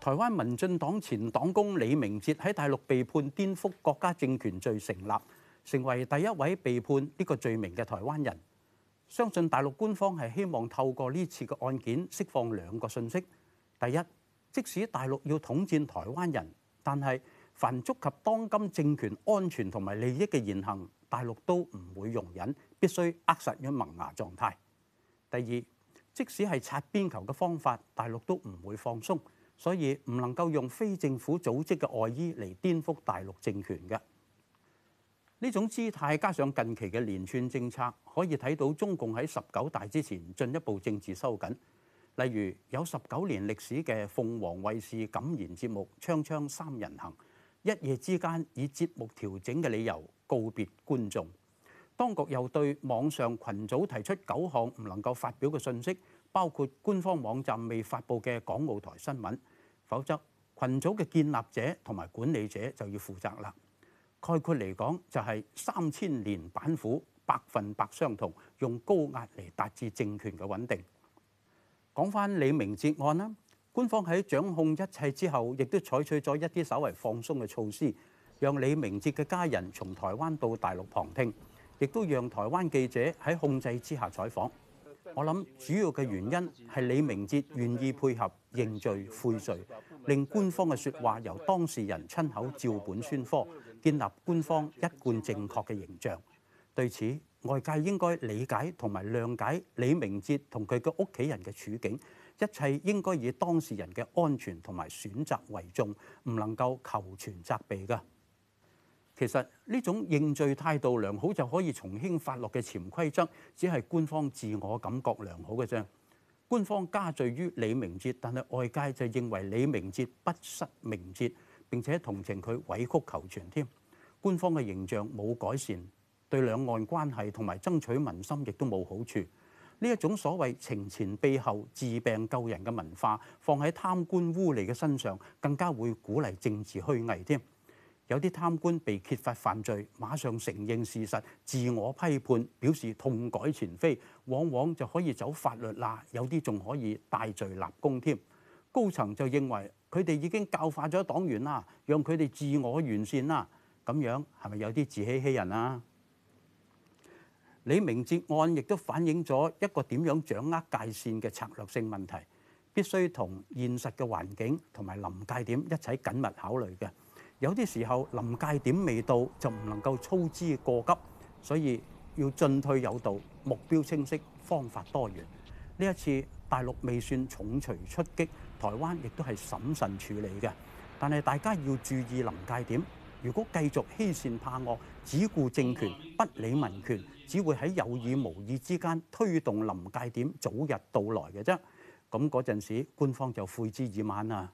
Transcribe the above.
台灣民進黨前黨工李明哲喺大陸被判顛覆國家政權罪成立，成為第一位被判呢個罪名嘅台灣人。相信大陸官方係希望透過呢次嘅案件釋放兩個信息：第一，即使大陸要統戰台灣人，但係。凡觸及當今政權安全同埋利益嘅言行，大陸都唔會容忍，必須扼實於萌芽狀態。第二，即使係擦邊球嘅方法，大陸都唔會放鬆，所以唔能夠用非政府組織嘅外衣嚟顛覆大陸政權嘅呢種姿態。加上近期嘅連串政策，可以睇到中共喺十九大之前進一步政治收緊。例如有十九年歷史嘅鳳凰衛視感言節目《鏘鏘三人行》。一夜之間以節目調整嘅理由告別觀眾，當局又對網上群組提出九項唔能夠發表嘅訊息，包括官方網站未發布嘅港澳台新聞，否則群組嘅建立者同埋管理者就要負責啦。概括嚟講，就係三千年板斧，百分百相同，用高壓嚟達至政權嘅穩定。講返李明哲案啦。官方喺掌控一切之後，亦都採取咗一啲稍為放鬆嘅措施，讓李明哲嘅家人從台灣到大陸旁聽，亦都讓台灣記者喺控制之下採訪，我諗主要嘅原因係李明哲願意配合認罪悔罪，令官方嘅說話由當事人親口照本宣科，建立官方一貫正確嘅形象。對此，外界應該理解同埋諒解李明哲同佢嘅屋企人嘅處境。一切應該以當事人嘅安全同埋選擇為重，唔能夠求，求全責備嘅。其實呢種認罪態度良好就可以從輕發落嘅潛規則，只係官方自我感覺良好嘅啫。官方加罪於李明哲，但係外界就認為李明哲不失明哲，並且同情佢委曲求全添。官方嘅形象冇改善，對兩岸關係同埋爭取民心亦都冇好處。呢一種所謂懲前毖後治病救人嘅文化，放喺貪官污吏嘅身上，更加會鼓勵政治虛偽添。有啲貪官被揭發犯罪，馬上承認事實，自我批判，表示痛改前非，往往就可以走法律罅。有啲仲可以戴罪立功添。高層就認為佢哋已經教化咗黨員啦，讓佢哋自我完善啦。咁樣係咪有啲自欺欺人啊？李明哲案亦都反映咗一個點樣掌握界線嘅策略性問題，必須同現實嘅環境同埋臨界點一齊緊密考慮嘅。有啲時候臨界點未到就唔能夠操之過急，所以要進退有道，目標清晰，方法多元。呢一次大陸未算重錘出擊，台灣亦都係審慎處理嘅。但係大家要注意臨界點，如果繼續欺善怕惡，只顧政權不理民權，只會喺有意無意之間推動臨界點早日到來嘅啫，咁嗰陣時官方就悔之已晚啦。